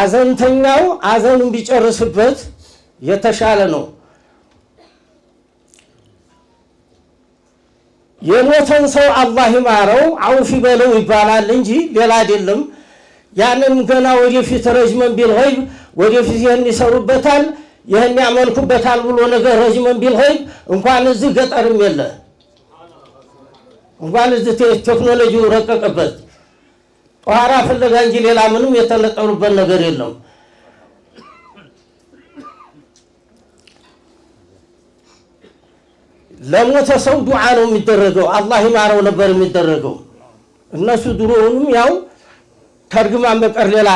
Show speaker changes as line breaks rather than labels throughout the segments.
አዘንተኛው አዘን ቢጨርስበት የተሻለ ነው። የሞተን ሰው አላህ ይማረው አውፊ በለው ይባላል እንጂ ሌላ አይደለም። ያንን ገና ወደፊት ረጅመን ሆይ ወደፊት ይህን ይሰሩበታል፣ ይህን ያመልኩበታል ብሎ ነገር ረዥመን ቢል ሆይ እንኳን እዚህ ገጠርም የለ እንኳን እዚህ ቴክኖሎጂው ረቀቀበት ጧራ ፍለጋ እንጂ ሌላ ምንም የተለጠሩበት ነገር የለም። ለሞተ ሰው ዱዓ ነው የሚደረገው። አላህ ይማረው ነበር የሚደረገው። እነሱ ድሮውንም ያው ተርግማን በቀር ሌላ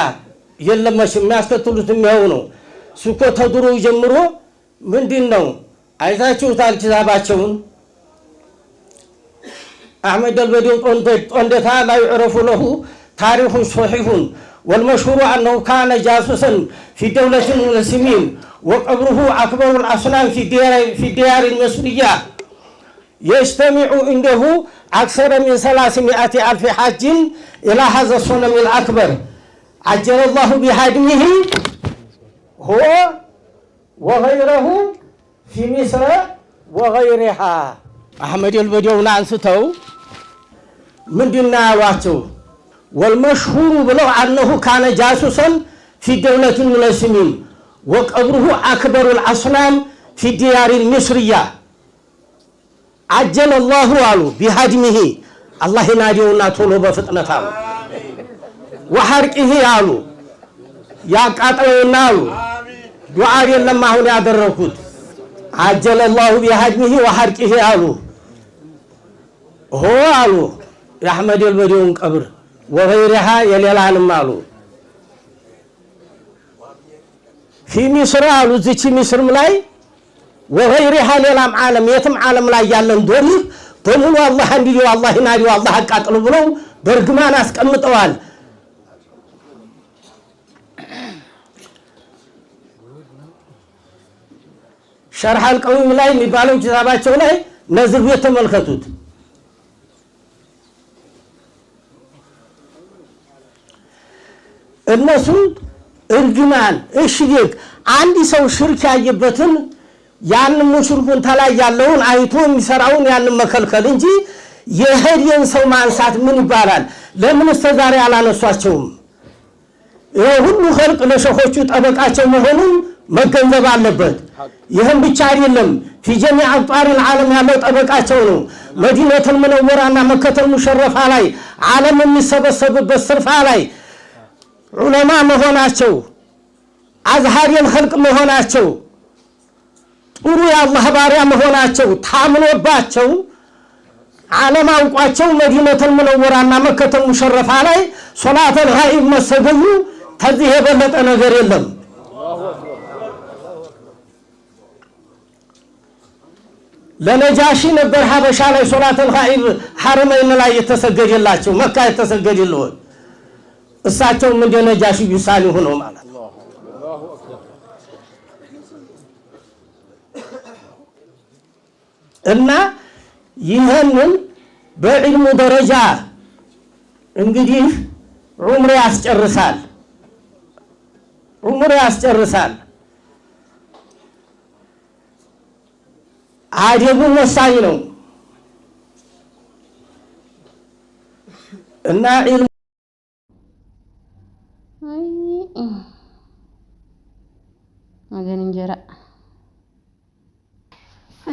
የለም። የሚያስከትሉት የሚያው ነው። ሱኮ ተድሮ ጀምሮ ምንድን ነው አይታችሁታል። ኪታባቸውን አሕመድ አልበዲን ጦንደታ ላይ ዕረፉ ለሁ ታሪሁን ሶሒሑን ወልመሽሁሩ አነሁ ካነ ጃሱሰን ፊ ደውለትን ሙስሊሚን ወቀብሩሁ አክበሩ ልአስናም ፊ ዲያር መስሪያ የጅተሚዑ እንደሁ አክሰረ ሚን ሰላስ ሚአቲ አልፊ ሓጅን ኢላ ሀዘ ሶነም ልአክበር አጀለ ላሁ ቢሃድሚሂ ሁወ ወገይረሁ ፊ ሚስረ ወገይሪሃ አሕመድ ልበዲውና አንስተው ምንድና ያሏቸው ወልመሽሁሩ ብለው አነሁ ካነ ጃሱሰን ፊ ደውለት ሙለስሚም ወቀብሩሁ አክበሩል ልአስናም ፊ ዲያሪ ሚስርያ አጀለ ላሁ አሉ ቢሃድሚሂ አላህ ናዲውና ቶሎ በፍጥነት አሉ ወሐርቂሂ አሉ ያቃጠለውና አሉ ዱዓ የለም አሁን ያደረኩት አጀለ ላሁ ቢሃድሚሂ ወሐርቂሂ አሉ ሆ አሉ የአሕመድ የልበዴውን ቀብር ወበይሪሃ የሌላንም አሉ ፊ ሚስር አሉ እዚች ሚስርም ላይ ወበይሪሃ ሌላም ዓለም የትም ዓለም ላይ ያለን ዶር በሙሉ አላህ እንዲዲው አላህ ናዲው አላህ አቃጥሉ ብለው በእርግማን አስቀምጠዋል። ሸርሐል ቀዊም ላይ የሚባለው ኪታባቸው ላይ ነዝር ቤት ተመልከቱት። እነሱ እርግማን እሺ አንድ ሰው ሽርክ ያየበትን ያን ሙሽርኩን ተላይ ያለውን አይቶ የሚሰራውን ያን መከልከል እንጂ የሄድን ሰው ማንሳት ምን ይባላል? ለምን እስከ ዛሬ አላነሷቸውም? ሁሉ ኸልቅ ለሸኾቹ ጠበቃቸው መሆኑን መገንዘብ አለበት። ይህም ብቻ አይደለም፣ ፊጀሚ አቅጣሪል ዓለም ያለው ጠበቃቸው ነው። መዲነቱል ሙነወራና መከተል ሙሸረፋ ላይ ዓለም የሚሰበሰብበት ስርፋ ላይ ዑለማ መሆናቸው አዝሃሪል ኸልቅ መሆናቸው ጥሩ የአላህ ባሪያ መሆናቸው ታምኖባቸው ዓለም አውቋቸው መዲነተል ሙነወራና መከተል ሙሸረፋ ላይ ሶላተል ጋኢብ መሰገኙ ከዚህ የበለጠ ነገር የለም። ለነጃሺ ነበር ሀበሻ ላይ ሶላተል ጋኢብ ሐረመይን ላይ የተሰገደላቸው መካ የተሰገደልሆን እሳቸውም እንደ ነጃሽ ዩሳሊ ሆኖ ማለት እና ይህንን በዕልሙ ደረጃ እንግዲህ ዑምር ያስጨርሳል ዑምር ያስጨርሳል። አደቡም ወሳኝ ነው እና ዒልሙ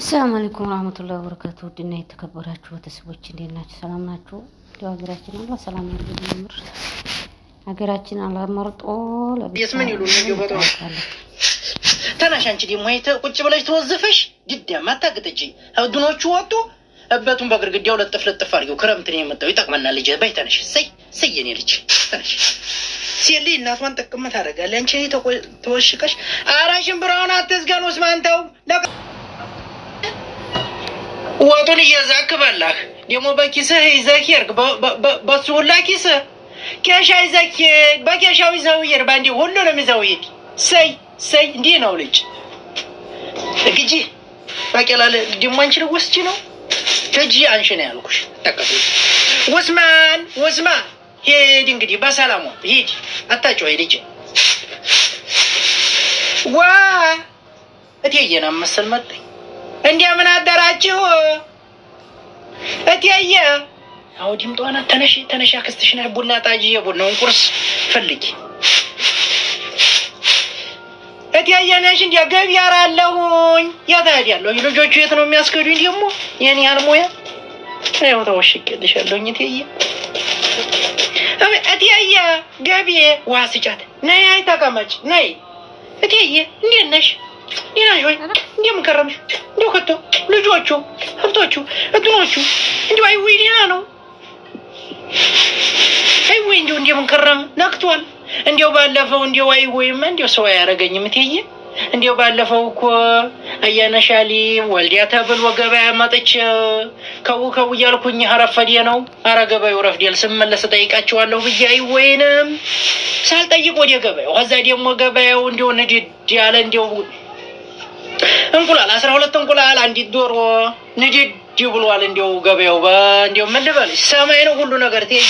አሰላሙ አለይኩም ወራህመቱላሂ ወበረካቱ ውድና የተከበራችሁ ቤተሰቦች እንዴት ናችሁ? ሰላም ናችሁ? እንዲያው ሀገራችን አላ ሰላም ያድርግልን። ምር ሀገራችን አላመርጦ
ለቤት ምን ይሉ ነው ተናሽ አንቺ ደግሞ አይተ ቁጭ ብለሽ ተወዘፈሽ ድዳም አታግጠጭኝ። እብድኖቹ ወጡ እበቱን በግርግዳው ለጥፍ ለጥፍ አድርገው ክረምት ነው የመጣው ይጠቅመናል። ልጅ በይ ተነሽ። ሰይ ሰይ የኔ ልጅ ተነሽ። ሲል እናቷን ጥቅም ታደርጋለች። አንቺ ተወሽቀሽ አራሽን ብራውን አትዝጋን ወስማንተው ወጡን እየዛክ በላህ ደግሞ በኪስህ ይዘህ ይርግ በሱ ሁላ ኪስህ ኬሻ ይዘህ በኬሻው ይዘው ይር ባንዲ ሁሉንም ይዘው ይድ ሰይ ሰይ እንዲህ ነው ልጅ እግጂ በቀላል ደግሞ አንቺን ወስጂ ነው ልጅ አንሽ ነው ያልኩሽ። ተቀበል ወስማን ወስማን ሄድ እንግዲህ በሰላሙ ሂድ። አታጭው ልጅ ዋ እቴየና መሰል መጣኝ ናችሁ እትዬ? አዎ ድምጧ ናት። ተነሽ ተነሽ፣ አክስትሽ ናት። ቡና ጣጂ፣ የቡናውን ቁርስ ፈልጊ። እትዬ ነሽ? እንዲ ገቢ ያራለሁኝ ያታድ ያለሁኝ ልጆቹ የት ነው የሚያስገዱኝ? ደግሞ የኔ አልሙያ ያው ተወሽቄልሻለሁኝ እትዬ እትዬ ገቢ ዋስጫት ነይ፣ ተቀመጭ ነይ እትዬ፣ እንዴት ነሽ? ይና ሆይ እንደምንከረምሽ እንዲሁ ከቶ ልጆቹ ሀብቶቹ እድኖቹ ነው ነክቷል። ባለፈው ሰው አያረገኝም እንዲው ባለፈው እኮ አያነሻሊም ወልዲያ ተብል ወገበያ መጥቼ ከው ከው እያልኩኝ አረፈዴ ነው። አረ ገበያው ረፍዴል ስመለስ ብዬ ሳልጠይቅ ወደ ገበያው ከዛ ደግሞ ገበያው እንዲው ንድድ ያለ እንዲው እንቁላል አስራ ሁለት እንቁላል አንዲት ዶሮ ንድድ ብሏል። እንዲው ገበያው እንዲው ምን ልበል ሰማይ ነው ሁሉ ነገር ትየ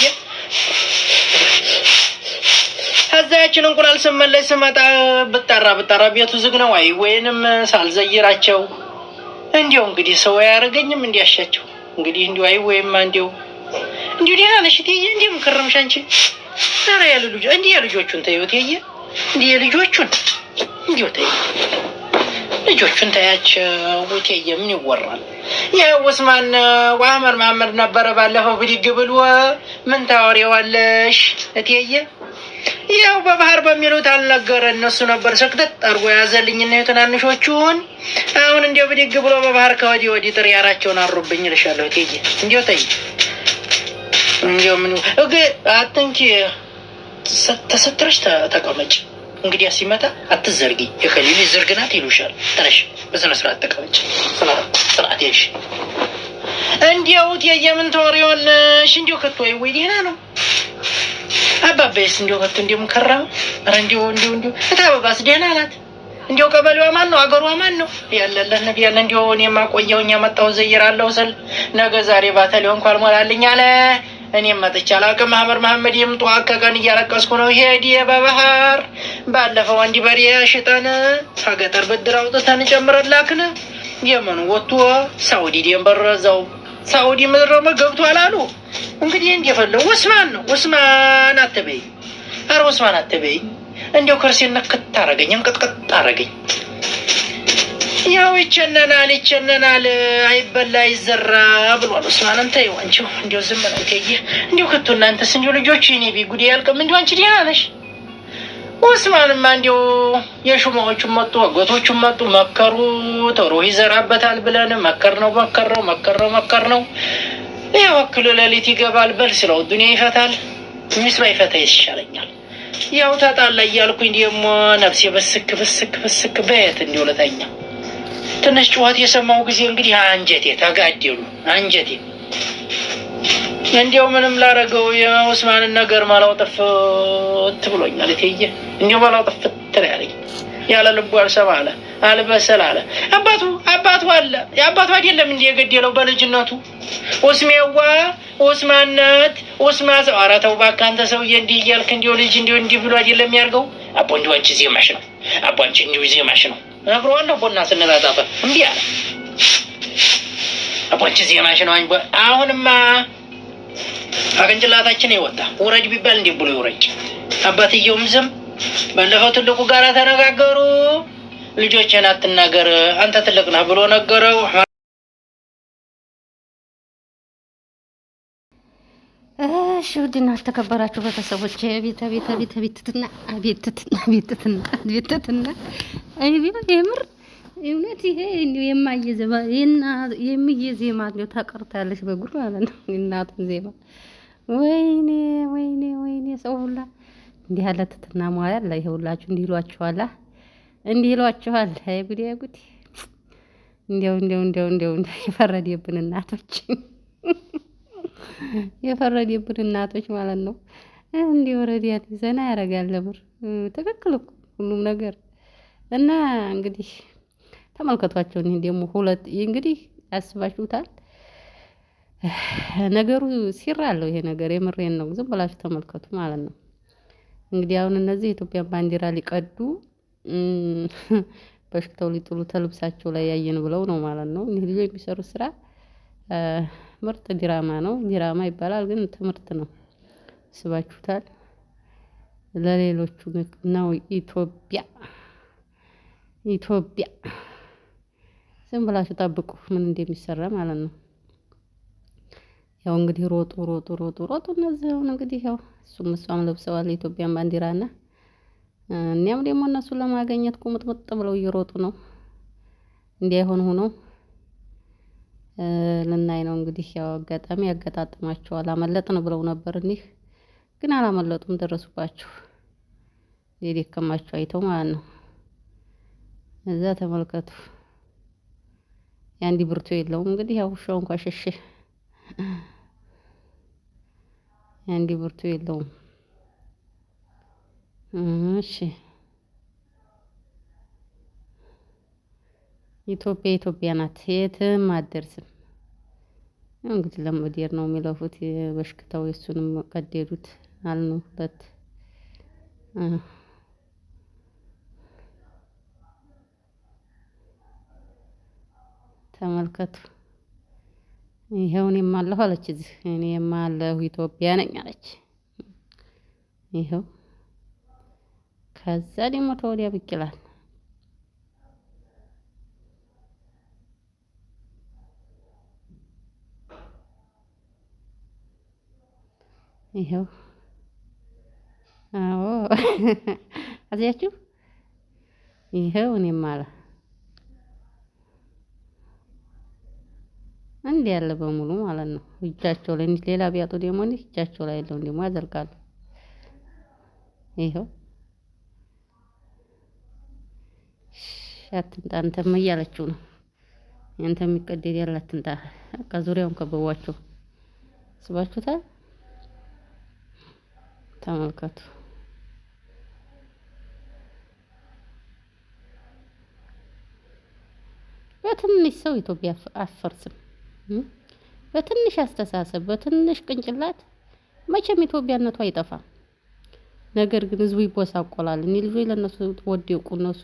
ከዛያችን እንቁላል ስመለስ ስመጣ ብጠራ ብጠራ ቤቱ ዝግ ነው። አይ ወይንም ሳልዘይራቸው እንዲው እንግዲህ ሰው አያደርገኝም እንዲያሻቸው እንግዲህ እንዲሁ አይ ወይም እንዲው እንዲሁ ደህና ነሽ እትዬ እንዲህ ምክርምሽ አንቺ ኧረ ያሉ ልጆ እንዲህ የልጆቹን ተይው እትዬ እንዲህ የልጆቹን እንዲሁ ተይው ልጆቹን ታያቸው ውቴዬ፣ ምን ይወራል? ይህ ውስማን ዋመር ማመር ነበረ ባለፈው ብድግ ብሎ ምን ታወሪዋለሽ እቴየ ያው በባህር በሚሉት አልነገረ እነሱ ነበር ሰክተት አድርጎ ያዘልኝና የትናንሾቹን አሁን እንዲያው ብድግ ብሎ በባህር ከወዲህ ወዲህ ጥሪ ያራቸውን አሩብኝ ልሻለሁ እቴየ እንዲያው ተይ እንዲያው ምን እግ አትንኪ፣ ተሰትረሽ ተቀመጭ እንግዲህ ሲመጣ አትዘርጊ የከሊል ዝርግናት ይሉሻል። ተነሽ በስነ ስርዓት ተቀመጭ። ስርዓት ይሽ። እንዲያውት የየምን ተወሪሆንሽ እንዲሁ ከቶ ወይ ወይ ደህና ነው አባባይስ እንዲሁ ከቶ እንዲሁ ሙከራ ረ እንዲሁ እንዲሁ እንዲሁ እታበባስ ደህና ናት። እንዲሁ ቀበሌዋ ማን ነው? አገሯ ማን ነው? ያለለን ነገር ያለ እንዲሁ እኔ ማቆየውኝ ያመጣው ዘይራለሁ ስል ነገ ዛሬ ባተሊሆን እንኳን ሞላልኝ አለ እኔም መጥቼ አላውቅም። ማህበር መሐመድ የምጧ ከቀን እያለቀስኩ ነው። ሄድ በባህር ባለፈው አንዲ በሬ ሽጠን ከገጠር ብድር አውጥተን ጨምረን ላክን። የመኑ ወጥቶ ሳውዲ ደንበር ዘው ሳውዲ ምድረመ ገብቷል አሉ። እንግዲህ እንደፈለው ውስማን ነው። ውስማን አትበይ፣ አረ ውስማን አትበይ። እንዲያው ከርሴ ነክት ታረገኝ፣ እንቅጥቅጥ አረገኝ። ያው ይቸነናል ይቸነናል፣ አይበላ ይዘራ ብሏል። ስማንም ተይው አንቺው እንዲ ዝም ነው ይቴየ እንዲሁ ክቱ እናንተ ስንጆ ልጆች እኔ ቢጉዴ ያልቅም እንዲ አንቺ ደህና ነሽ? ኡስማንማ እንዲሁ የሹማዎቹም መጡ፣ አጎቶቹም መጡ፣ መከሩ። ቶሮ ይዘራበታል ብለን መከር ነው መከር ነው መከር ነው መከር ነው። ያው እክሉ ሌሊት ይገባል። በል ስለው ዱኒያ ይፈታል፣ ሚስባ ባይፈታ ይሻለኛል። ያው ታጣላ እያልኩኝ ደግሞ ነፍሴ በስክ በስክ በስክ በየት እንዲው ለተኛ ትንሽ ጩኸት የሰማው ጊዜ እንግዲህ አንጀቴ ተጋደሉ። አንጀቴ እንዲያው ምንም ላረገው የኡስማንን ነገር ማላው ጥፍት ብሎኛል። እቴዬ እንዲያው ማላው ጥፍት ነው ያለኝ። ያለ ልቡ አልሰማ አለ፣ አልበሰል አለ። አባቱ አባቱ አለ። የአባቱ አይደለም እንዲህ የገደለው በልጅነቱ ኡስሜዋ ኡስማናት ኡስማ ሰው። ኧረ ተው እባክህ አንተ ሰውዬ፣ እንዲህ እያልክ እንዲሁ ልጅ እንዲሁ እንዲህ ብሎ አይደለም ያርገው። አቦ እንዲሁ አንቺ ዜማሽ ነው። አቦ አንቺ እንዲሁ ዜማሽ ነው እነግረዋለሁ ቦና ስነጣጣፈን እምቢ አለ። አቦች ዜማሽን አንጓ አሁንማ አቅንጭላታችን ይወጣ ውረጅ ቢባል እንዲህ ብሎ ይውረጅ። አባትየውም ዝም ባለፈው ትልቁ ጋር ተነጋገሩ። ልጆችን አትናገር አንተ ትልቅ ነህ ብሎ ነገረው።
እሺ ውድና አልተከበራችሁ ቤተሰቦች ቤተ ቤተ ቤተ ቤትትና ቤትትና ቤትትና ቤትትና አይቢል የምር እውነት ይሄ የማየዘባ የና ዜማ ነው ታቀርታለሽ በጉር ማለት ነው። እናቱን ዜማ ወይኔ ወይኔ ወይኔ ሰው ሁላ እንዲህ ያለ ትትና ማዋል ያለ ይሄ ሁላችሁ እንዲህ ይሏችኋል፣ እንዲህ ይሏችኋል። አይ ጉዴ ጉዴ! እንዲያው እንዲያው እንዲያው እንዲያው የፈረደብን እናቶች የፈረደብን እናቶች ማለት ነው። እንዲህ ወረድ ዘና ያደርጋል። ለምር ትክክል እኮ ሁሉም ነገር እና እንግዲህ ተመልከቷቸው እኔ ደግሞ ሁለት እንግዲህ አስባችሁታል። ነገሩ ሲራ አለው ይሄ ነገር የምሬን ነው። ዝም ብላችሁ ተመልከቱ ማለት ነው። እንግዲህ አሁን እነዚህ የኢትዮጵያን ባንዲራ ሊቀዱ በሽታው ሊጥሉ ተልብሳቸው ላይ ያየን ብለው ነው ማለት ነው። እኒህ ልጆች የሚሰሩ ስራ ምርጥ ዲራማ ነው። ዲራማ ይባላል ግን ትምህርት ነው። አስባችሁታል። ለሌሎቹ ነው ኢትዮጵያ ኢትዮጵያ ዝም ብላችሁ ጠብቁ፣ ምን እንደሚሰራ ማለት ነው። ያው እንግዲህ ሮጡ ሮጡ ሮጡ ሮጡ። እነዚህ አሁን እንግዲህ ያው እሱም እሷም ለብሰዋል የኢትዮጵያን ባንዲራና እኒያም ደግሞ እነሱ ለማገኘት ቁምጥምጥ ብለው እየሮጡ ነው። እንዲያይሆን ሆኖ ልናይ ነው እንግዲህ ያው አጋጣሚ አላመለጥ አመለጥን ብለው ነበር እኒህ ግን አላመለጡም፣ ደረሱባቸው የደከማቸው አይተው ማለት ነው። እዛ ተመልከቱ። የአንድ ብርቱ የለውም እንግዲህ ያው ውሻው እንኳ ሸሸ። የአንድ ብርቱ የለውም። እሺ ኢትዮጵያ ኢትዮጵያ ናት፣ የትም አትደርስም። እንግዲህ ለመዴር ነው የሚለፉት። በሽክታው የሱንም ቀደዱት አልነው ተመልከቱ። ይኸው እኔም አለሁ አለች። እዚህ እኔም አለሁ ኢትዮጵያ ነኝ አለች። ይኸው ከዛ ደግሞ ተወዲያ ብቅ ይላል። ይኸው አዎ አዚያችሁ ይኸው እኔም አለ እንዲህ ያለ በሙሉ ማለት ነው። እጃቸው ላይ እንዲህ ሌላ ቢያጡ ደግሞ እንዲህ እጃቸው ላይ ያለው ደግሞ ያዘልቃሉ ይኸው አትምጣ አንተም እያለችው ነው። አንተ የሚቀደድ ያለ አትምጣ። በቃ ዙሪያውን ከበቧቸው። ስባችሁታል ተመልከቱ። በትንሽ ሰው ኢትዮጵያ አፈርስም። በትንሽ አስተሳሰብ በትንሽ ቅንጭላት መቼም ኢትዮጵያነቱ አይጠፋም። ነገር ግን ህዝቡ ይቦሳቆላል። እኔ ልጆች ለእነሱ ወደቁ እነሱ